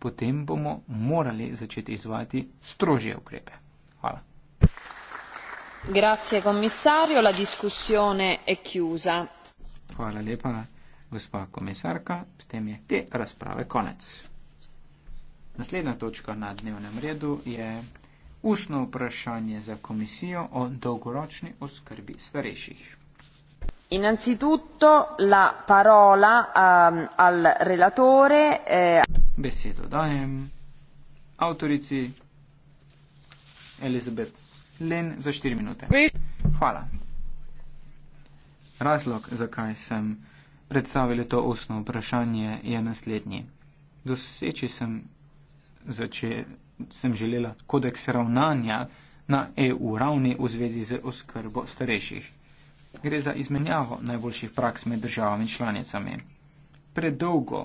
potem bomo morali začeti izvajati strožje ukrepe. Hvala. Grazie commissario, la discussione è chiusa. Hvala lepa, gospa komisarka, s tem je te razprave konec. Naslednja točka na dnevnem redu je ustno vprašanje za komisijo o dolgoročni oskrbi starejših innanzitutto la parola um, al relatore. Eh. Besedo dajem avtorici Elizabeth Len za 4 minute. Hvala. Razlog, zakaj sem predstavil to osno vprašanje, je naslednji. Doseči sem, zače, sem želela kodeks ravnanja na EU ravni v zvezi z oskrbo starejših gre za izmenjavo najboljših praks med državami in članicami. Predolgo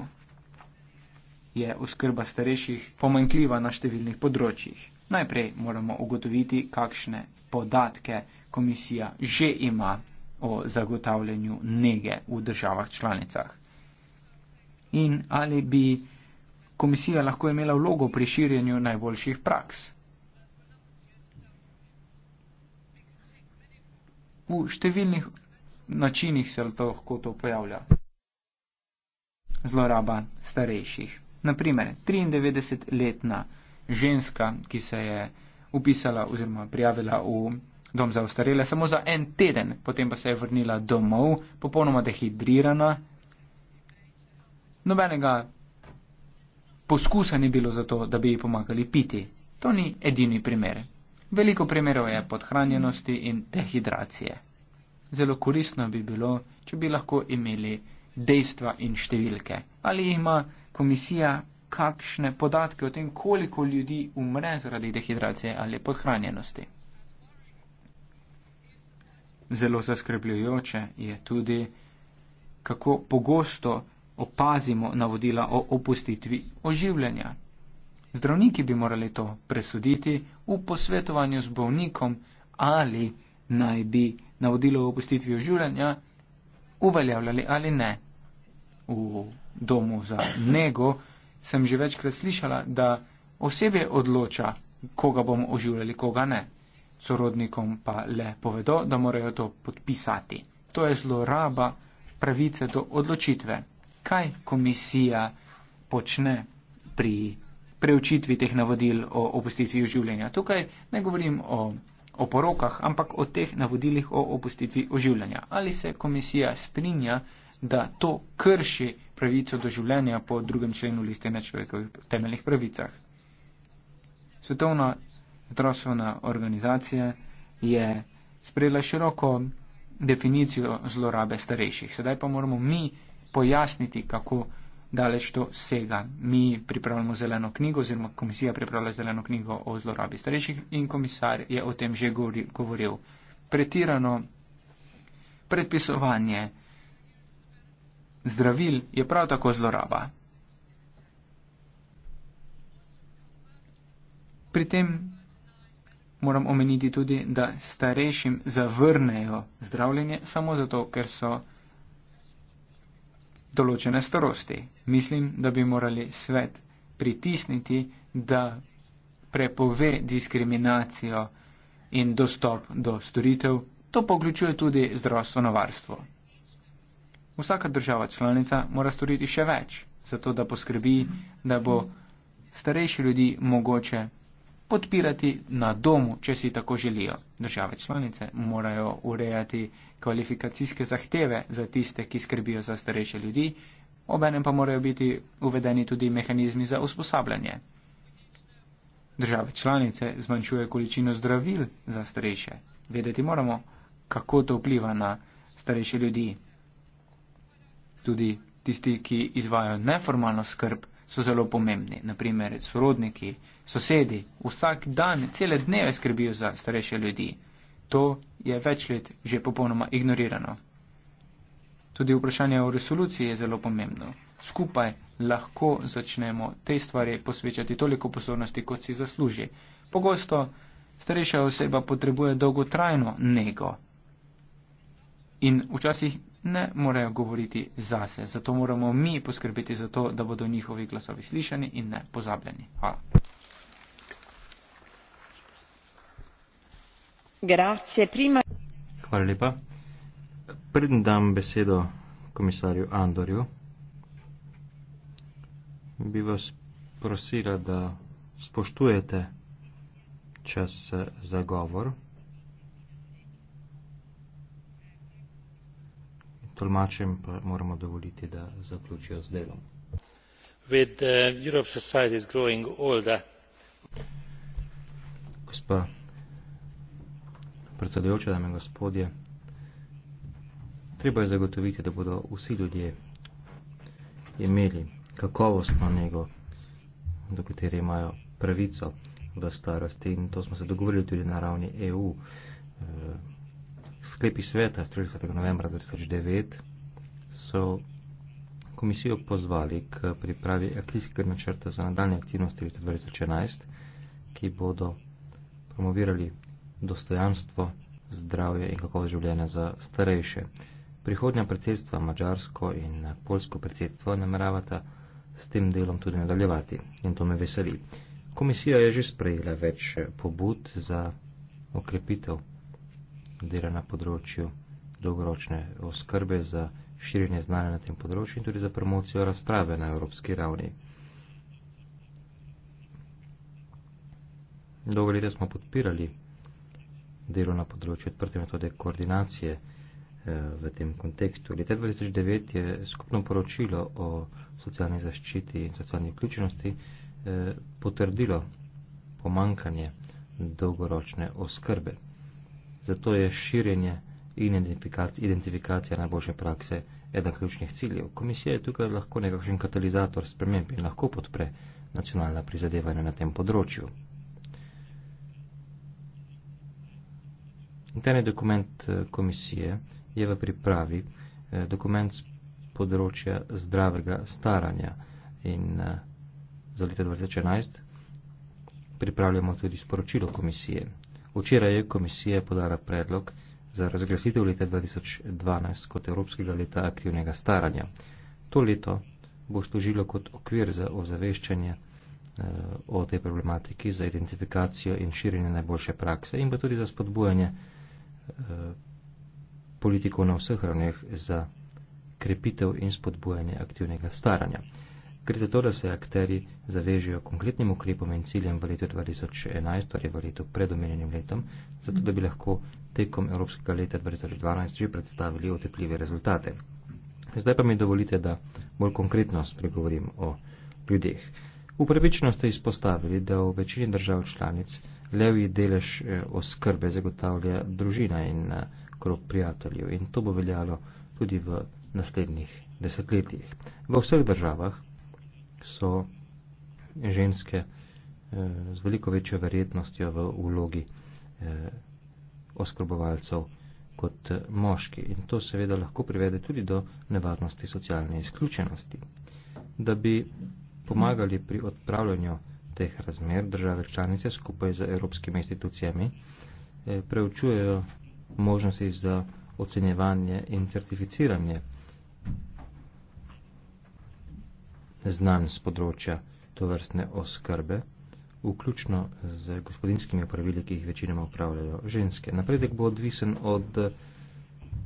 je oskrba starejših pomankljiva na številnih področjih. Najprej moramo ugotoviti, kakšne podatke komisija že ima o zagotavljanju nege v državah članicah. In ali bi komisija lahko imela vlogo pri širjenju najboljših praks? v številnih načinih se lahko to pojavlja. Zloraba starejših. Naprimer, 93-letna ženska, ki se je upisala oziroma prijavila v dom za ostarele samo za en teden, potem pa se je vrnila domov, popolnoma dehidrirana. Nobenega poskusa ni bilo za to, da bi ji pomagali piti. To ni edini primer. Veliko primerov je podhranjenosti in dehidracije. Zelo koristno bi bilo, če bi lahko imeli dejstva in številke. Ali ima komisija kakšne podatke o tem, koliko ljudi umre zaradi dehidracije ali podhranjenosti? Zelo zaskrbljujoče je tudi, kako pogosto opazimo navodila o opustitvi oživljanja, Zdravniki bi morali to presuditi v posvetovanju z bolnikom, ali naj bi navodilo o opustitvi življenja uveljavljali ali ne. V domu za nego sem že večkrat slišala, da osebje odloča, koga bomo oživljali, koga ne. Sorodnikom pa le povedo, da morajo to podpisati. To je zloraba pravice do odločitve. Kaj komisija počne pri preučitvi teh navodil o opustitvi življenja. Tukaj ne govorim o, o porokah, ampak o teh navodilih o opustitvi življenja. Ali se komisija strinja, da to krši pravico do življenja po drugem členu liste na človekovih temeljnih pravicah. Svetovna zdravstvena organizacija je sprejela široko definicijo zlorabe starejših. Sedaj pa moramo mi pojasniti, kako daleč to sega. Mi pripravljamo zeleno knjigo oziroma komisija pripravlja zeleno knjigo o zlorabi starejših in komisar je o tem že govoril. Pretirano predpisovanje zdravil je prav tako zloraba. Pri tem moram omeniti tudi, da starejšim zavrnejo zdravljenje samo zato, ker so določene starosti. Mislim, da bi morali svet pritisniti, da prepove diskriminacijo in dostop do storitev. To poključuje tudi zdravstveno varstvo. Vsaka država članica mora storiti še več, zato da poskrbi, da bo starejši ljudi mogoče podpirati na domu, če si tako želijo. Države članice morajo urejati kvalifikacijske zahteve za tiste, ki skrbijo za starejše ljudi, obenem pa morajo biti uvedeni tudi mehanizmi za usposabljanje. Države članice zmanjšuje količino zdravil za starejše. Vedeti moramo, kako to vpliva na starejše ljudi. Tudi tisti, ki izvajo neformalno skrb, so zelo pomembni. Naprimer, sorodniki, sosedi, vsak dan, cele dneve skrbijo za starejše ljudi. To je več let že popolnoma ignorirano. Tudi vprašanje o resoluciji je zelo pomembno. Skupaj lahko začnemo te stvari posvečati toliko pozornosti, kot si zasluži. Pogosto starejša oseba potrebuje dolgotrajno nego, in včasih ne morejo govoriti zase. Zato moramo mi poskrbeti za to, da bodo njihovi glasovi slišani in ne pozabljeni. Hvala. Hvala lepa. Preden dam besedo komisarju Andorju, bi vas prosila, da spoštujete čas za govor. tolmačem pa moramo dovoliti da zaključijo z delom. Uh, gospa predsedujoča dame in gospodje treba je zagotoviti da bodo vsi ljudje imeli kakovostno nego do katere imajo pravico v starosti in to smo se dogovorili tudi na ravni EU. Eh, sklepi sveta 30. novembra 2009 so komisijo pozvali k pripravi akcijskega načrta za nadaljne aktivnosti leta 2011, ki bodo promovirali dostojanstvo, zdravje in kakovost življenja za starejše. Prihodnja predsedstva, mačarsko in polsko predsedstvo, nameravata s tem delom tudi nadaljevati in to me veseli. Komisija je že sprejela več pobud za okrepitev dela na področju dolgoročne oskrbe za širjenje znanja na tem področju in tudi za promocijo razprave na evropski ravni. Dolgo leta smo podpirali delo na področju odprte metode koordinacije eh, v tem kontekstu. Leta 2009 je skupno poročilo o socialni zaščiti in socialni vključenosti eh, potrdilo pomankanje dolgoročne oskrbe. Zato je širjenje in identifikacija najboljše prakse eden ključnih ciljev. Komisija je tukaj lahko nekakšen katalizator sprememb in lahko podpre nacionalna prizadevanja na tem področju. Interni dokument eh, komisije je v pripravi eh, dokument z področja zdravega staranja in eh, za leto 2011 pripravljamo tudi sporočilo komisije. Včeraj je komisija podala predlog za razglasitev leta 2012 kot Evropskega leta aktivnega staranja. To leto bo služilo kot okvir za ozaveščanje eh, o tej problematiki, za identifikacijo in širjenje najboljše prakse in pa tudi za spodbujanje eh, politikov na vseh ravneh za krepitev in spodbujanje aktivnega staranja. Gre za to, da se akteri zavežejo konkretnim ukrepom in ciljem v letu 2011, torej v letu pred omenjenim letom, zato da bi lahko tekom Evropskega leta 2012 že predstavili otepljive rezultate. Zdaj pa mi dovolite, da bolj konkretno spregovorim o ljudeh. Upravično ste izpostavili, da v večini držav članic levji delež eh, oskrbe zagotavlja družina in eh, krok prijateljev in to bo veljalo tudi v naslednjih desetletjih. V vseh državah so ženske eh, z veliko večjo verjetnostjo v vlogi eh, oskrbovalcev kot eh, moški. In to seveda lahko privede tudi do nevarnosti socialne izključenosti. Da bi pomagali pri odpravljanju teh razmer, države članice skupaj z evropskimi institucijami preučujejo možnosti za ocenjevanje in certificiranje znan z področja tovrstne oskrbe, vključno z gospodinskimi upravili, ki jih večinoma upravljajo ženske. Napredek bo odvisen od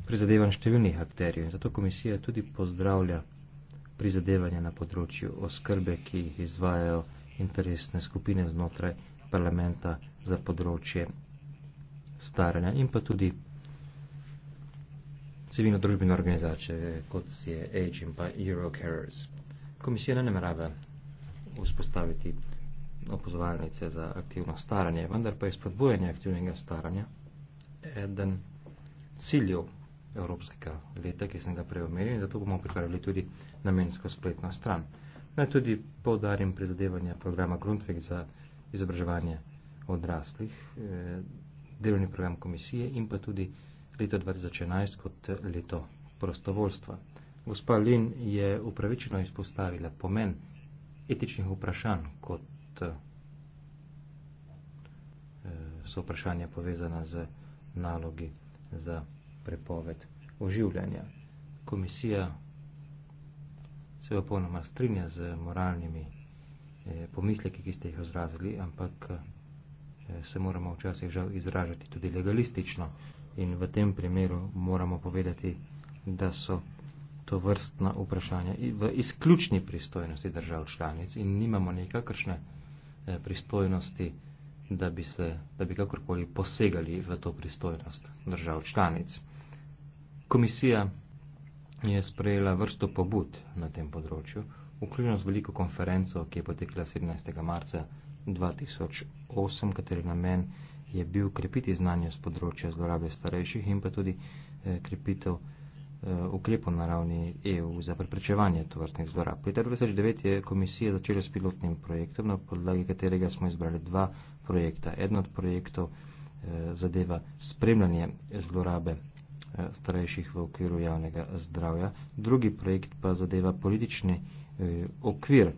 prizadevanj številnih akterjev in zato komisija tudi pozdravlja prizadevanja na področju oskrbe, ki jih izvajajo interesne skupine znotraj parlamenta za področje staranja in pa tudi civilno-družbene organizacije, kot je Age in pa Eurocarers. Komisija namerava vzpostaviti opozovalnice za aktivno staranje, vendar pa je spodbujanje aktivnega staranja eden ciljev evropskega leta, ki sem ga preomenil in zato bomo pripravili tudi namensko spletno stran. Naj tudi poudarim prizadevanja programa Grundvig za izobraževanje odraslih, eh, delovni program komisije in pa tudi leto 2011 kot leto prostovoljstva. Gospa Lin je upravičeno izpostavila pomen etičnih vprašanj kot eh, so vprašanja povezana z nalogi za prepoved oživljanja. Komisija se popolnoma strinja z moralnimi eh, pomisleki, ki ste jih izrazili, ampak eh, se moramo včasih žal izražati tudi legalistično in v tem primeru moramo povedati, da soић““![ to vrstna vprašanja v izključni pristojnosti držav članic in nimamo nekakršne eh, pristojnosti, da bi, se, da bi kakorkoli posegali v to pristojnost držav članic. Komisija je sprejela vrsto pobud na tem področju, vključno z veliko konferenco, ki je potekla 17. marca 2008, kateri namen je bil krepiti znanje z področja zlorabe starejših in pa tudi eh, krepitev Eh, ukrepov na ravni EU za preprečevanje tovrstnih zlorab. Leta 2009 je komisija začela s pilotnim projektom, na podlagi katerega smo izbrali dva projekta. Eden od projektov eh, zadeva spremljanje zlorabe eh, starejših v okviru javnega zdravja, drugi projekt pa zadeva politični okvir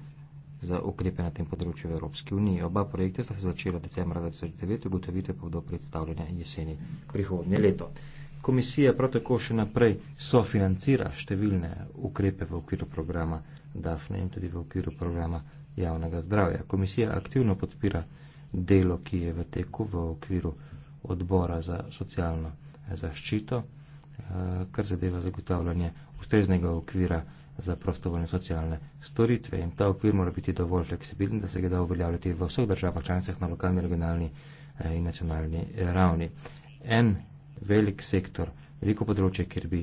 za ukrepe na tem področju v Evropski uniji. Oba projekta sta se začela decembra 2009, ugotovitve pa bodo predstavljene jeseni prihodnje leto. Komisija prav tako še naprej sofinancira številne ukrepe v okviru programa DAFNE in tudi v okviru programa javnega zdravja. Komisija aktivno podpira delo, ki je v teku v okviru odbora za socialno eh, zaščito, eh, kar zadeva zagotavljanje ustreznega okvira za prostovoljne socialne storitve. In ta okvir mora biti dovolj fleksibilen, da se ga da uveljavljati v vseh državah članicah na lokalni, regionalni eh, in nacionalni ravni. En velik sektor, veliko področje, kjer bi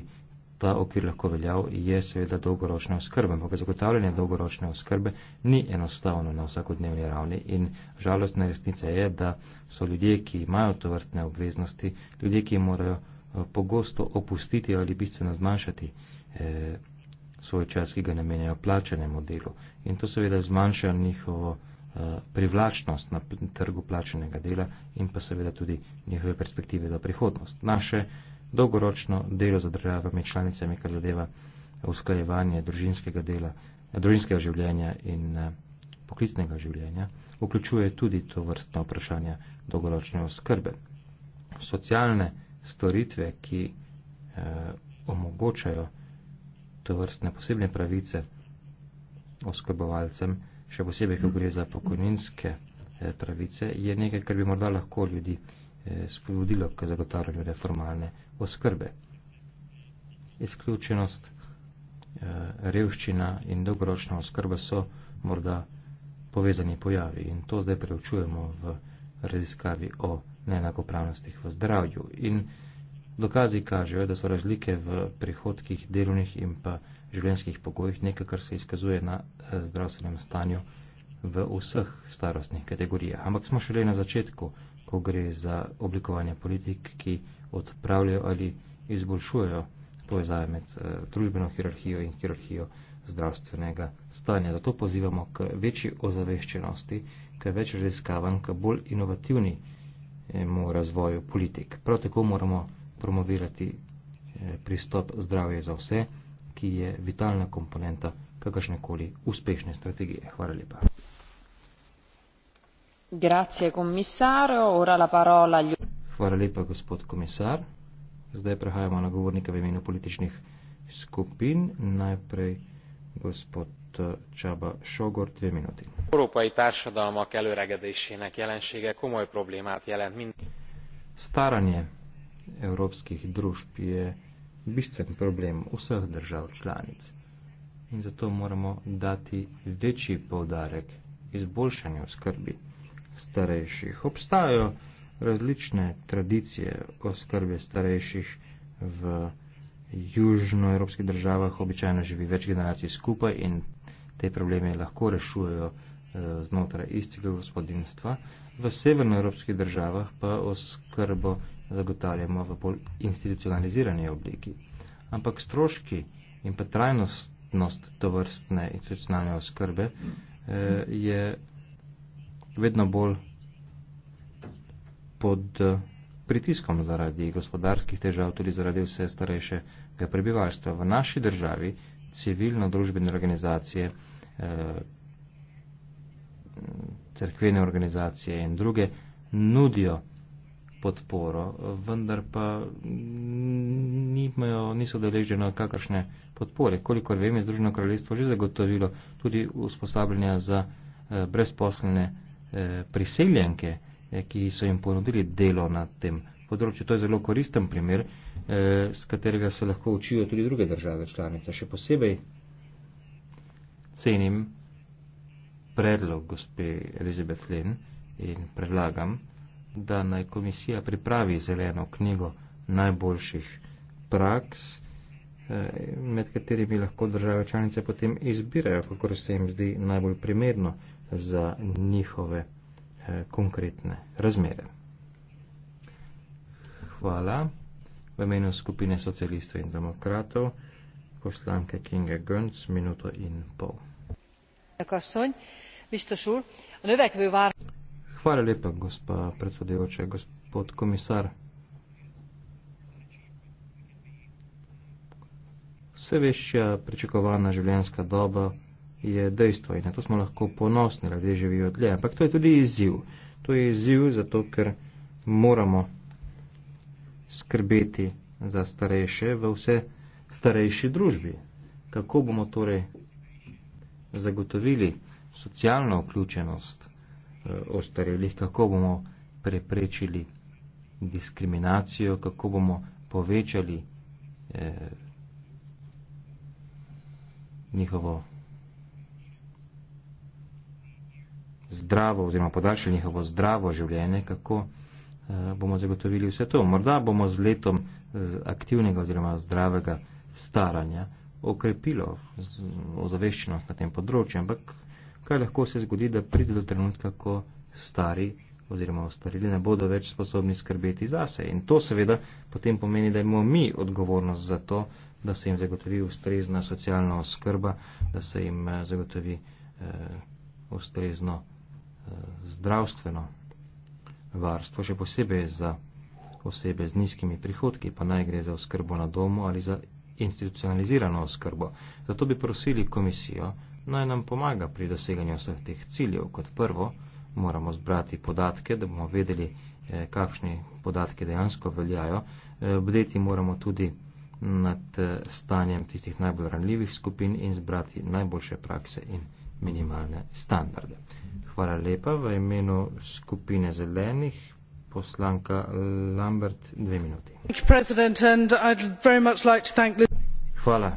ta okvir lahko veljal, je seveda dolgoročna oskrba. Ampak zagotavljanje dolgoročne oskrbe ni enostavno na vsakodnevni ravni in žalostna resnica je, da so ljudje, ki imajo to vrstne obveznosti, ljudje, ki morajo eh, pogosto opustiti ali bistveno zmanjšati eh, svoj čas, ki ga namenjajo plačanemu delu. In to seveda zmanjša njihovo Eh, privlačnost na trgu plačenega dela in pa seveda tudi njihove perspektive za prihodnost. Naše dolgoročno delo za državami članicami, kar zadeva usklajevanje družinskega dela, družinskega življenja in eh, poklicnega življenja, vključuje tudi to vrstno vprašanje dolgoročne oskrbe. Socialne storitve, ki eh, omogočajo to vrstne posebne pravice oskrbovalcem, eh, še posebej, ko gre za pokojninske eh, pravice, je nekaj, kar bi morda lahko ljudi eh, spodbudilo k zagotavljanju reformalne oskrbe. Izključenost, eh, revščina in dolgoročna oskrba so morda povezani pojavi in to zdaj preučujemo v raziskavi o neenakopravnostih v zdravju. In Dokazi kažejo, da so razlike v prihodkih, delovnih in pa življenjskih pogojih nekaj, kar se izkazuje na eh, zdravstvenem stanju v vseh starostnih kategorijah. Ampak smo šele na začetku, ko gre za oblikovanje politik, ki odpravljajo ali izboljšujejo povezave med eh, družbeno hierarhijo in hierarhijo zdravstvenega stanja. Zato pozivamo k večji ozaveščenosti, k več raziskavanj, k bolj inovativnemu razvoju politik. Prav tako moramo promovirati eh, pristop zdravje za vse, ki je vitalna komponenta kakršnekoli uspešne strategije. Hvala lepa. Grazie, Ora la parola... Hvala lepa, gospod komisar. Zdaj prehajamo na govornika v imenu političnih skupin. Najprej gospod eh, Čaba Šogor, dve minuti. Evropski taršadalmak előregedésének jelensége komoly problémát jelent. Staranje evropskih družb je bistven problem vseh držav članic in zato moramo dati večji poudarek izboljšanju skrbi starejših. Obstajajo različne tradicije oskrbe starejših v južnoevropskih državah, običajno živi več generacij skupaj in te probleme lahko rešujejo eh, znotraj istega gospodinstva. V severnoevropskih državah pa oskrbo zagotavljamo v bolj institucionalizirani obliki. Ampak stroški in pa trajnostnost tovrstne institucionalne oskrbe eh, je vedno bolj pod eh, pritiskom zaradi gospodarskih težav, tudi zaradi vse starejšega prebivalstva. V naši državi civilno-družbene organizacije, eh, crkvene organizacije in druge nudijo podporo, vendar pa nimajo, niso deležene kakršne podpore. Kolikor vem, je Združeno kraljestvo že zagotovilo tudi usposabljanja za eh, brezposlene eh, priseljenke, eh, ki so jim ponudili delo na tem področju. To je zelo koristen primer, z katerega se lahko učijo tudi druge države članice. Še posebej cenim predlog gospe Elizabeth Lynn in predlagam, da naj komisija pripravi zeleno knjigo najboljših praks, eh, med katerimi lahko države članice potem izbirajo, kako se jim zdi najbolj primerno za njihove eh, konkretne razmere. Hvala. V imenu skupine socialistov in demokratov, poslanke Kinga Gönc, minuto in pol. Köszönj, biztos úr. A növekvő vár... Hvala lepa, gospa predsedujoča, gospod komisar. Vse večja pričakovana življenjska doba je dejstvo in na to smo lahko ponosni, da ljudje živijo dlje, ampak to je tudi izziv. To je izziv zato, ker moramo skrbeti za starejše v vse starejši družbi. Kako bomo torej zagotovili socialno vključenost Eh, ostarelih, kako bomo preprečili diskriminacijo, kako bomo povečali eh, njihovo zdravo oziroma podaljšali njihovo zdravo življenje, kako eh, bomo zagotovili vse to. Morda bomo z letom z aktivnega oziroma zdravega staranja okrepilo ozaveščenost na tem področju, ampak kaj lahko se zgodi, da pride do trenutka, ko stari oziroma ostarili ne bodo več sposobni skrbeti zase. In to seveda potem pomeni, da imamo mi odgovornost za to, da se jim zagotovi ustrezna socialna oskrba, da se jim eh, zagotovi eh, ustrezno eh, zdravstveno varstvo, še posebej za osebe z nizkimi prihodki, pa naj gre za oskrbo na domu ali za institucionalizirano oskrbo. Zato bi prosili komisijo, naj nam pomaga pri doseganju vseh teh ciljev. Kot prvo moramo zbrati podatke, da bomo vedeli, eh, kakšni podatki dejansko veljajo. Eh, Bdeti moramo tudi nad eh, stanjem tistih najbolj ranljivih skupin in zbrati najboljše prakse in minimalne standarde. Hvala lepa v imenu skupine zelenih. Poslanka Lambert, dve minuti. Hvala,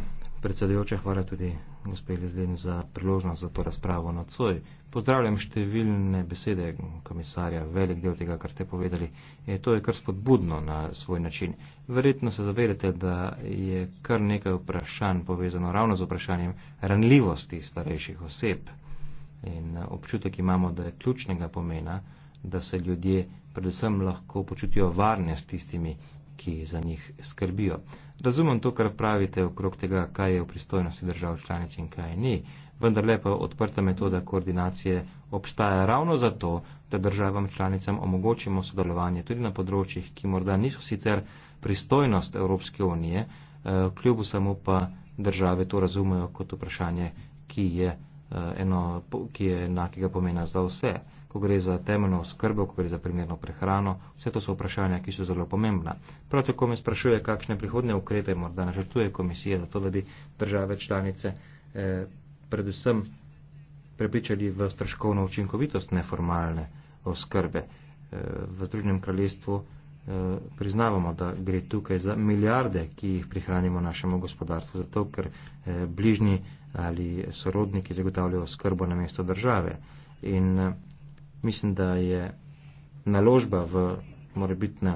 predsedujoče, hvala tudi gospe Lezlin, za priložnost za to razpravo na COJ. Pozdravljam številne besede komisarja, velik del tega, kar ste povedali, je to je kar spodbudno na svoj način. Verjetno se zavedate, da je kar nekaj vprašanj povezano ravno z vprašanjem ranljivosti starejših oseb. In eh, občutek imamo, da je ključnega pomena, da se ljudje predvsem lahko počutijo varne s tistimi, ki za njih skrbijo. Razumem to, kar pravite okrog tega, kaj je v pristojnosti držav članic in kaj ni, vendar lepa odprta metoda koordinacije obstaja ravno zato, da državam članicam omogočimo sodelovanje tudi na področjih, ki morda niso sicer pristojnost Evropske unije, eh, kljub samo pa države to razumejo kot vprašanje, ki je, eh, eno, ki je enakega pomena za vse ko gre za temeljno oskrbo, ko gre za primerno prehrano, vse to so vprašanja, ki so zelo pomembna. Prav tako me sprašuje, kakšne prihodne ukrepe morda načrtuje komisija za to, da bi države članice eh, predvsem prepričali v stroškovno učinkovitost neformalne oskrbe. Eh, v Združenem kraljestvu eh, priznavamo, da gre tukaj za milijarde, ki jih prihranimo našemu gospodarstvu, zato ker eh, bližnji ali sorodniki zagotavljajo oskrbo na mesto države. In eh, mislim, da je naložba v morebitne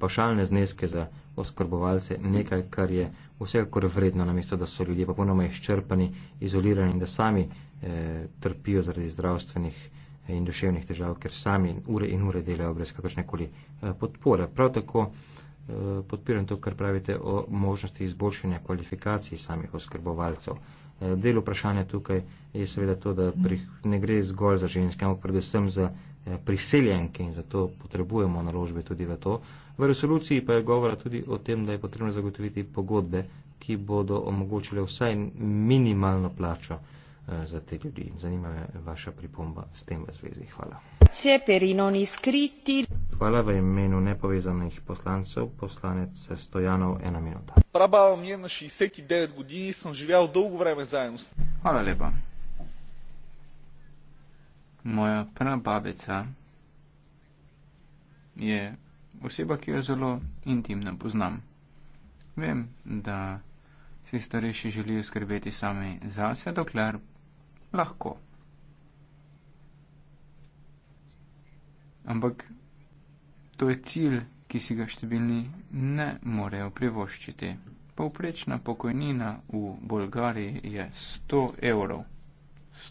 pašalne zneske za oskrbovalce nekaj, kar je vsekakor vredno, namesto da so ljudje popolnoma izčrpani, izolirani in da sami eh, trpijo zaradi zdravstvenih eh, in duševnih težav, ker sami ure in ure delajo brez kakršnekoli eh, podpore. Prav tako eh, podpiram to, kar pravite o možnosti izboljšanja kvalifikacij samih oskrbovalcev. Eh, del vprašanja tukaj je seveda to, da pri, ne gre zgolj za ženske, ampak predvsem za eh, priseljenke in zato potrebujemo naložbe tudi v to. V resoluciji pa je govora tudi o tem, da je potrebno zagotoviti pogodbe, ki bodo omogočile vsaj minimalno plačo. Eh, za te ljudi. Zanima me vaša pripomba s tem v zvezi. Hvala. Hvala v imenu nepovezanih poslancev, poslanec Stojanov, ena minuta. Prabava mi je na 69 godini, sem živel dolgo vreme zajedno. Hvala lepa. Moja prababica je oseba, ki jo zelo intimno poznam. Vem, da si starejši želijo skrbeti sami zase, dokler lahko. Ampak to je cilj, ki si ga številni ne morejo privoščiti. Povprečna pokojnina v Bolgariji je 100 evrov.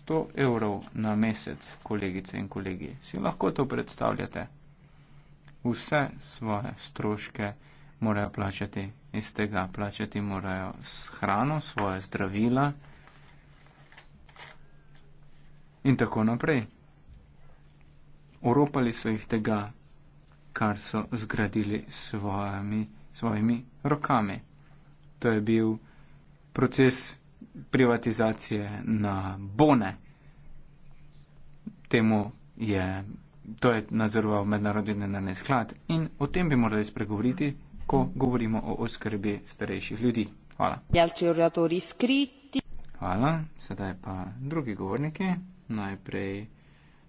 100 evrov na mesec, kolegice in kolegi. Si lahko to predstavljate? Vse svoje stroške morajo plačati iz tega, plačati morajo hrano, svoje zdravila in tako naprej. Oropali so jih tega, kar so zgradili s svojimi, svojimi rokami. To je bil proces privatizacije na bone. Temu je, to je nadzorval mednarodni denarni sklad in o tem bi morali spregovoriti, ko govorimo o oskrbi starejših ljudi. Hvala. Hvala, sedaj pa drugi govorniki najprej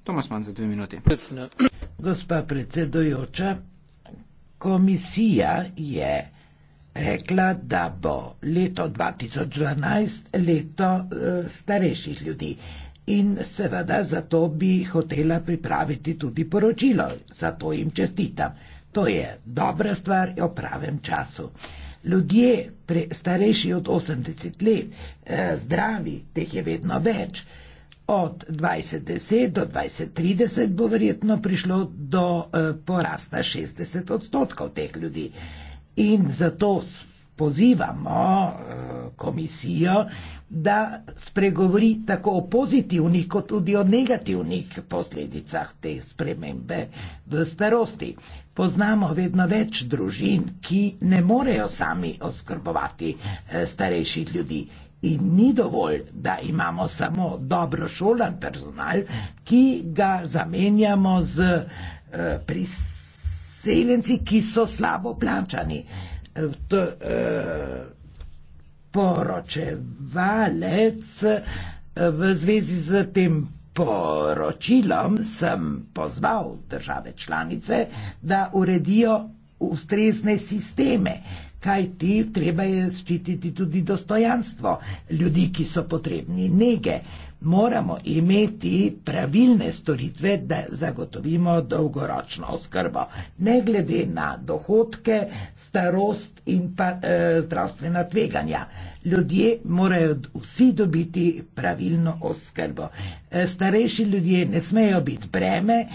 Tomas Mann za dve minuti. Gospa predsedujoča, komisija je rekla, da bo leto 2012 leto e, starejših ljudi in seveda zato bi hotela pripraviti tudi poročilo, zato jim čestitam. To je dobra stvar o pravem času. Ljudje, pre, starejši od 80 let, e, zdravi, teh je vedno več, e, Od 2010 do 2030 bo verjetno prišlo do eh, porasta 60 odstotkov teh ljudi. In zato pozivamo eh, komisijo, da spregovori tako o pozitivnih, kot tudi o negativnih posledicah te spremembe v starosti. Poznamo vedno več družin, ki ne morejo sami oskrbovati eh, starejših ljudi. In ni dovolj, da imamo samo dobro šolan personal, ki ga zamenjamo z uh, priseljenci, ki so slabo plačani. T, uh, eh, eh, poročevalec v zvezi z tem poročilom sem pozval države članice, da uredijo ustrezne sisteme, uh, kaj ti treba je ščititi tudi dostojanstvo ljudi, ki so potrebni nege. Moramo imeti pravilne storitve, da zagotovimo dolgoročno oskrbo, ne glede na dohodke, starost in pa e, zdravstvena tveganja. Ljudje morajo vsi dobiti pravilno oskrbo. E, starejši ljudje ne smejo biti breme, e,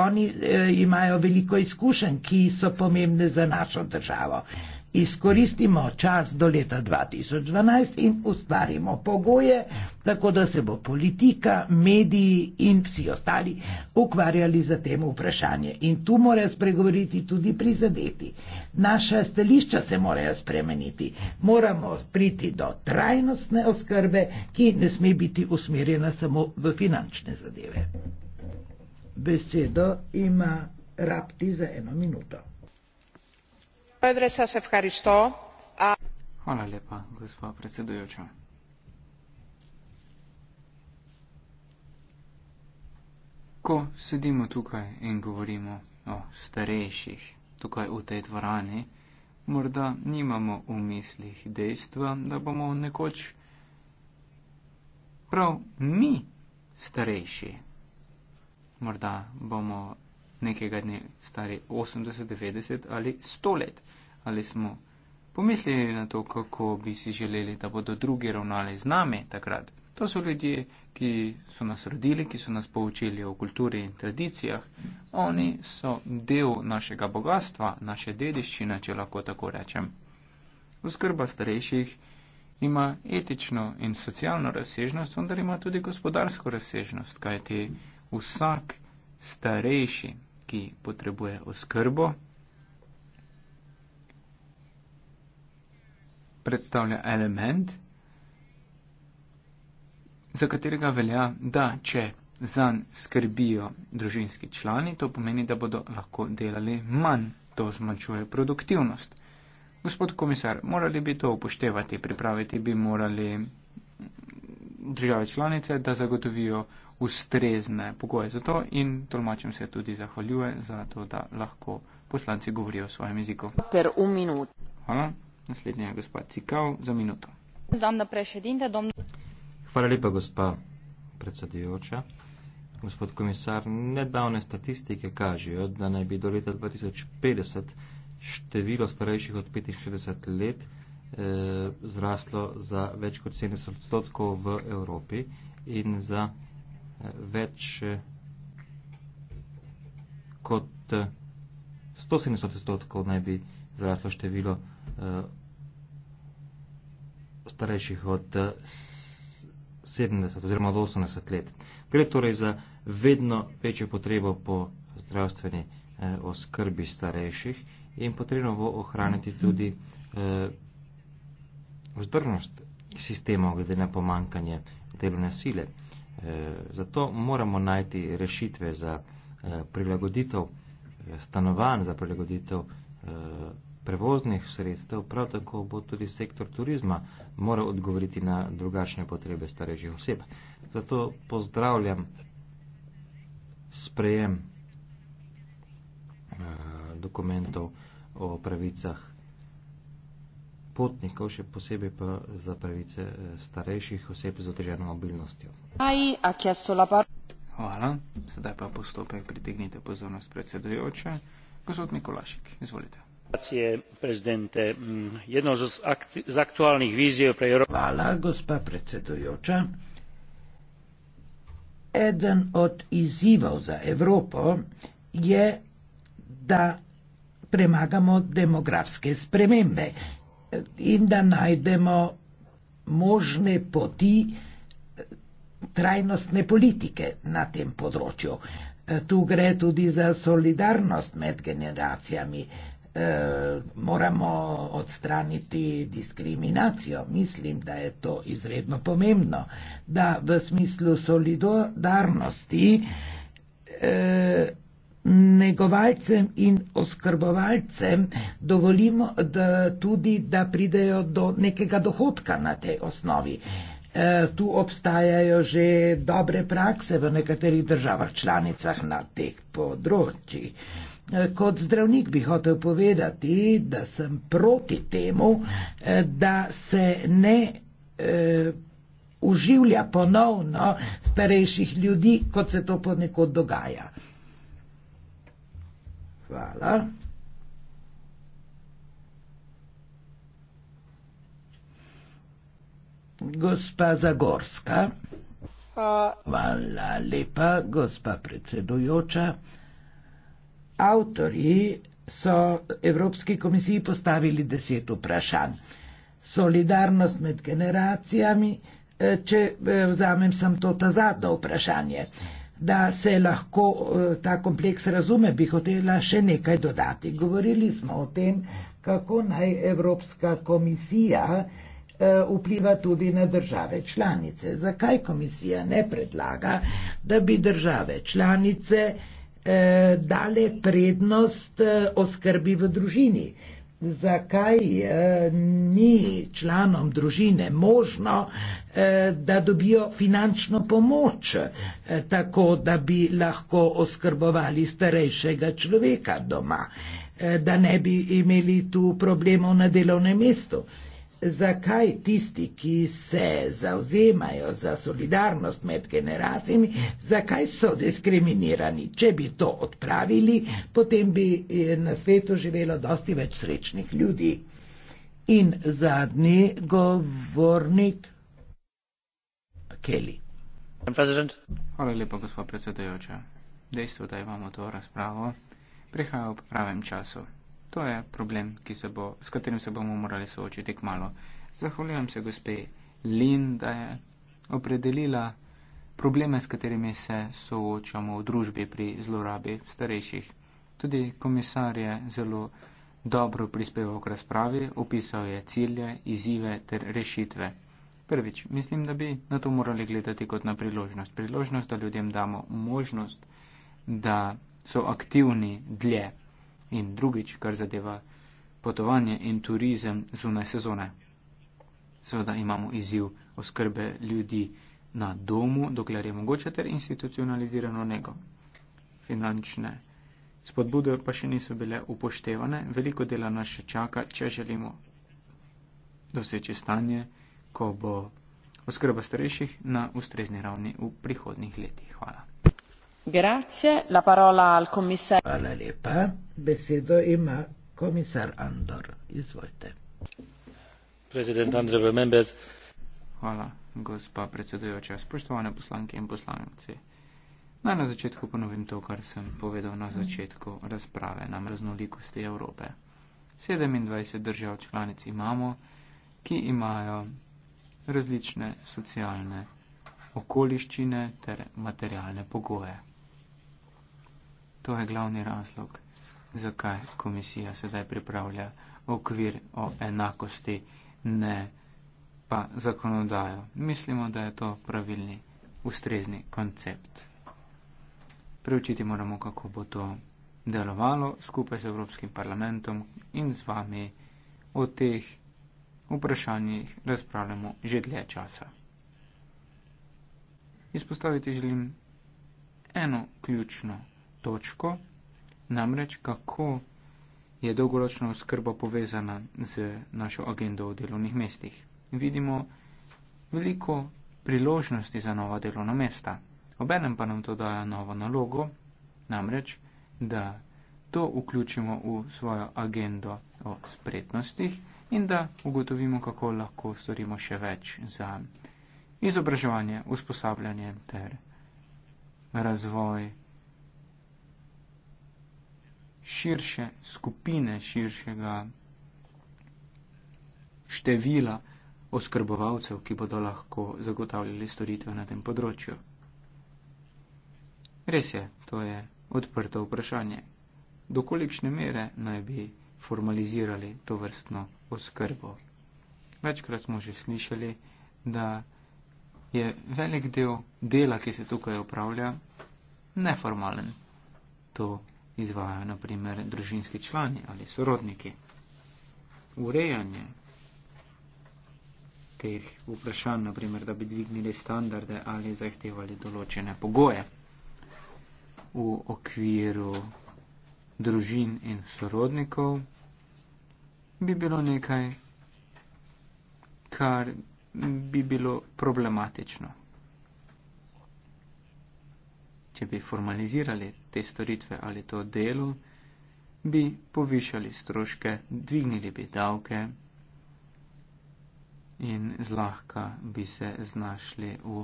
oni e, imajo veliko izkušenj, ki so pomembne za našo državo izkoristimo čas do leta 2012 in ustvarimo pogoje, tako da se bo politika, mediji in vsi ostali ukvarjali za tem vprašanje. In tu mora spregovoriti tudi prizadeti. Naša stališča se morajo spremeniti. Moramo priti do trajnostne oskrbe, ki ne sme biti usmerjena samo v finančne zadeve. Besedo ima rapti za eno minuto. Predre, sas evharisto. A... Hvala lepa, gospod predsedujoča. Ko sedimo tukaj in govorimo o starejših tukaj v tej dvorani, morda nimamo v mislih dejstva, da bomo nekoč prav mi starejši. Morda bomo nekega dne stari 80, 90 ali 100 let, ali smo pomislili na to, kako bi si želeli, da bodo drugi ravnali z nami takrat. To so ljudje, ki so nas rodili, ki so nas poučili o kulturi in tradicijah. Oni so del našega bogatstva, naše dediščine, če lahko tako rečem. Oskrba starejših ima etično in socialno razsežnost, vendar ima tudi gospodarsko razsežnost, kajti vsak starejši, ki potrebuje oskrbo. Predstavlja element, za katerega velja, da če zanj skrbijo družinski člani, to pomeni, da bodo lahko delali manj, to zmanjšuje produktivnost. Gospod komisar, morali bi to upoštevati, pripraviti bi morali države članice, da zagotovijo ustrezne pogoje za to in tolmačem se tudi zahvaljuje za to, da lahko poslanci govorijo v svojem jeziku. Hvala. Naslednja je gospod Cikav za minuto. Hvala lepa, gospa predsedujoča. Gospod komisar, nedavne statistike kažejo, da naj bi do leta 2050 število starejših od 65 let eh, zraslo za več kot 70 odstotkov v Evropi in za več eh, kot 170 eh, odstotkov naj bi zraslo število eh, starejših od 70 oziroma od 80 let. Gre torej za vedno večjo potrebo po zdravstveni oskrbi starejših in potrebno bo ohraniti tudi vzdržnost sistemov glede na pomankanje delovne sile. Eh, zato moramo najti rešitve za eh, prilagoditev eh, stanovanj, za prilagoditev prevoznih sredstev, prav tako bo tudi sektor turizma moral odgovoriti na drugačne potrebe starejših oseb. Zato pozdravljam sprejem dokumentov o pravicah potnikov, še posebej pa za pravice eh, starejših oseb z oteženo mobilnostjo. Hvala. Sedaj pa postopek pritegnite pozornost predsedujoče. Gospod Mikolašik, izvolite. Mm, Hvala, gospa predsedujoča. Eden od izzivov za Evropo je, da premagamo demografske spremembe in da najdemo možne poti eh, trajnostne politike na tem področju. Eh, tu gre tudi za solidarnost med generacijami. Eh, moramo odstraniti diskriminacijo. Mislim, da je to izredno pomembno, da v smislu solidarnosti negovalcem in oskrbovalcem dovolimo da tudi, da pridejo do nekega dohodka na tej osnovi. E, tu obstajajo že dobre prakse v nekaterih državah članicah na teh področjih. E, kot zdravnik bi hotel povedati, da sem proti temu, e, da se ne uživlja ponovno starejših ljudi, kot se to ponekod dogaja. Hvala. Gospa Zagorska. Hvala lepa, gospa predsedujoča. Avtori so Evropski komisiji postavili deset vprašanj. Solidarnost med generacijami, eh, če eh, vzamem samo to ta zadnje vprašanje. Uh, da se lahko eh, ta kompleks razume, bi hotela še nekaj dodati. Govorili smo o tem, kako naj Evropska komisija eh, vpliva tudi na države članice. Zakaj komisija ne predlaga, da bi države članice eh, dale prednost oskrbi v družini? zakaj eh, ni članom družine možno, eh, da dobijo finančno pomoč, eh, tako da bi lahko oskrbovali starejšega človeka doma, da ne bi imeli tu problemov na delovnem mestu zakaj tisti, ki se zauzemajo za solidarnost med generacijami, zakaj so diskriminirani. Če bi to odpravili, potem bi eh, na svetu živelo dosti več srečnih ljudi. In zadnji govornik, Kelly. Hvala lepa, gospod predsedajoča. Dejstvo, da imamo to razpravo, prihaja ob pravem času. To je problem, se bo, s katerim se bomo morali soočiti kmalo. Zahvaljujem se gospe Lin, da je opredelila probleme, s katerimi se soočamo v družbi pri zlorabi starejših. Tudi komisar je zelo dobro prispeval k razpravi, opisal je cilje, izzive ter rešitve. Prvič, mislim, da bi na to morali gledati kot na priložnost. Priložnost, da ljudem damo možnost, da so aktivni dlje in drugič, kar zadeva potovanje in turizem zunaj sezone. Seveda imamo izziv oskrbe ljudi na domu, dokler je mogoče ter institucionalizirano nego. Finančne spodbude pa še niso bile upoštevane, veliko dela nas še čaka, če želimo doseči stanje, ko bo oskrba starejših na ustrezni ravni v prihodnih letih. Hvala. Grazie. La parola al commissario. Hvala lepa. Besedo ima komisar Andor. Izvolite. President Andre, members. Hvala, gospa predsedujoča. Spoštovane poslanke in poslanci. Naj na začetku ponovim to, kar sem povedal na začetku razprave na raznolikosti Evrope. 27 držav članic imamo, ki imajo različne socialne okoliščine ter materialne pogoje. To je glavni razlog, zakaj komisija sedaj pripravlja okvir o enakosti, ne pa zakonodajo. Mislimo, da je to pravilni, ustrezni koncept. Preučiti moramo, kako bo to delovalo skupaj z Evropskim parlamentom in z vami o teh vprašanjih razpravljamo že dlje časa. Izpostaviti želim eno ključno točko, namreč kako je dolgoročna oskrba povezana z našo agendo o delovnih mestih. Vidimo veliko priložnosti za nova delovna mesta. Obenem pa nam to daje novo nalogo, namreč, da to vključimo v svojo agendo o spretnostih in da ugotovimo, kako lahko storimo še več za izobraževanje, usposabljanje ter razvoj širše skupine, širšega števila oskrbovalcev, ki bodo lahko zagotavljali storitve na tem področju. Res je, to je odprto vprašanje. Dokolikšne mere naj bi formalizirali to vrstno oskrbo? Večkrat smo že slišali, da je velik del dela, ki se tukaj upravlja, neformalen. To izvajajo naprimer družinski člani ali sorodniki. Urejanje teh vprašanj, naprimer, da bi dvignili standarde ali zahtevali določene pogoje v okviru družin in sorodnikov, bi bilo nekaj, kar bi bilo problematično. Če bi formalizirali te storitve ali to delo, bi povišali stroške, dvignili bi davke in zlahka bi se znašli v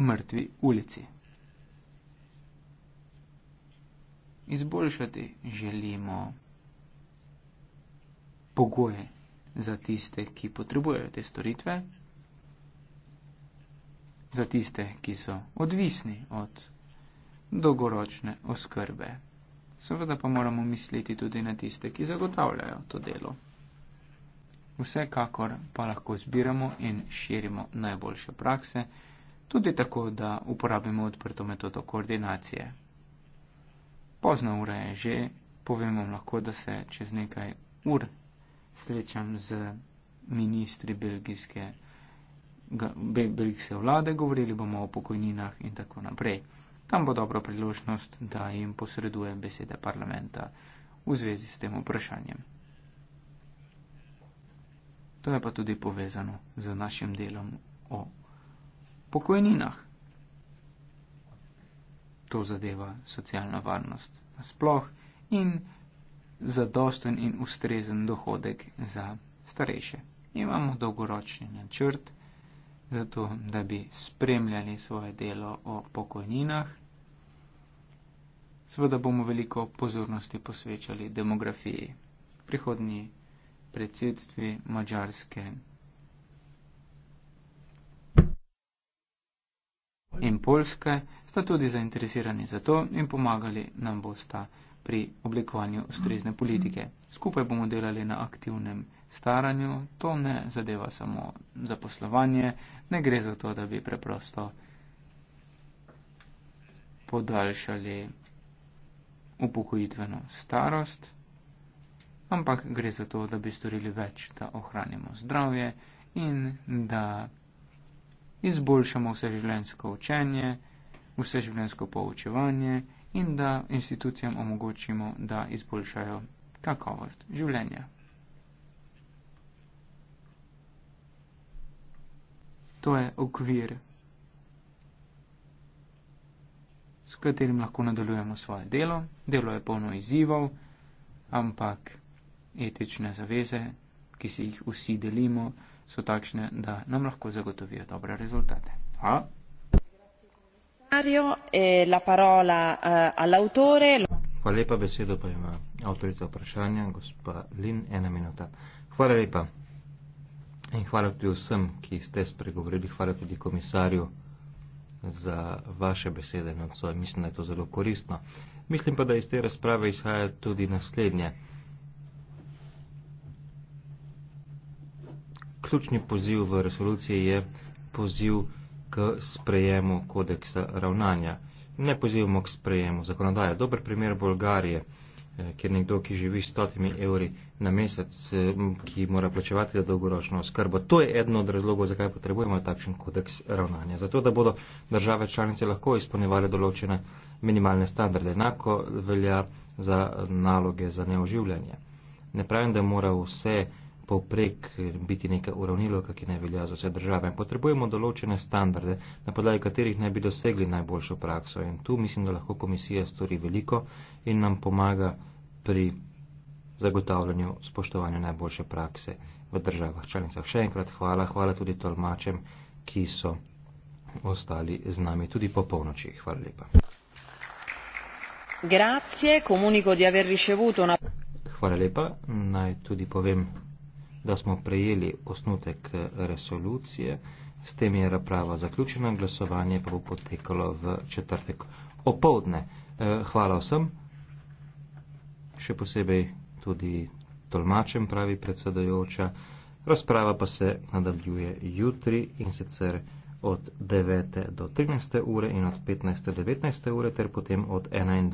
mrtvi ulici. Izboljšati želimo pogoje za tiste, ki potrebujejo te storitve za tiste, ki so odvisni od dolgoročne oskrbe. Seveda pa moramo misliti tudi na tiste, ki zagotavljajo to delo. Vsekakor pa lahko zbiramo in širimo najboljše prakse, tudi tako, da uporabimo odprto metodo koordinacije. Pozna ura je že, povem vam lahko, da se čez nekaj ur srečam z ministri belgijske belgijske vlade, govorili bomo o pokojninah in tako naprej. Tam bo dobra priložnost, da jim posredujem besede parlamenta v zvezi s tem vprašanjem. To je pa tudi povezano z našim delom o pokojninah. To zadeva socialna varnost nasploh in zadosten in ustrezen dohodek za starejše. Imamo dolgoročni načrt, zato da bi spremljali svoje delo o pokojninah. Sveda bomo veliko pozornosti posvečali demografiji, prihodnji predsedstvi Mačarske in Poljske sta tudi zainteresirani za to in pomagali nam bosta pri oblikovanju ustrezne politike. Skupaj bomo delali na aktivnem staranju, to ne zadeva samo zaposlovanje, ne gre za to, da bi preprosto podaljšali upokojitveno starost, ampak gre za to, da bi storili več, da ohranimo zdravje in da izboljšamo vseživljensko učenje, vseživljensko poučevanje in da institucijam omogočimo, da izboljšajo kakovost življenja. To je okvir, s katerim lahko nadaljujemo svoje delo. Delo je polno izzivov, ampak etične zaveze, ki si jih vsi delimo, so takšne, da nam lahko zagotovijo dobre rezultate. Hvala commissario e eh, la parola uh, all'autore. Hvala lepa, besedo pa ima avtorica vprašanja, gospa Lin, ena minuta. Hvala lepa in hvala tudi vsem, ki ste spregovorili, hvala tudi komisarju za vaše besede na no, svoje. Mislim, da je to zelo koristno. Mislim pa, da iz te razprave izhaja tudi naslednje. Ključni poziv v resoluciji je poziv k sprejemu kodeksa ravnanja. Ne pozivamo k sprejemu zakonodaje. Dober primer Bolgarije, eh, kjer nekdo, ki živi s stotimi evri na mesec, eh, ki mora plačevati za dolgoročno oskrbo. To je eden od razlogov, zakaj potrebujemo takšen kodeks ravnanja. Zato, da bodo države članice lahko izpolnjevali določene minimalne standarde. Enako velja za naloge za neoživljanje. Ne pravim, da mora vse povprek eh, biti neka uravnilovka, ki ne velja za vse države. In potrebujemo določene standarde, na podlagi katerih ne bi dosegli najboljšo prakso. In tu mislim, da lahko komisija stori veliko in nam pomaga pri zagotavljanju spoštovanja najboljše prakse v državah članicah. Še enkrat hvala, hvala tudi tolmačem, ki so ostali z nami tudi po polnoči. Hvala lepa. Grazie, comunico di aver ricevuto una. Hvala lepa, naj tudi povem da smo prejeli osnutek eh, resolucije. S tem je raprava zaključena, glasovanje pa bo potekalo v četrtek opovdne. Eh, hvala vsem, še posebej tudi tolmačem, pravi predsedojoča. Razprava pa se nadaljuje jutri in sicer od 9. do 13. ure in od 15. do 19. ure ter potem od 21.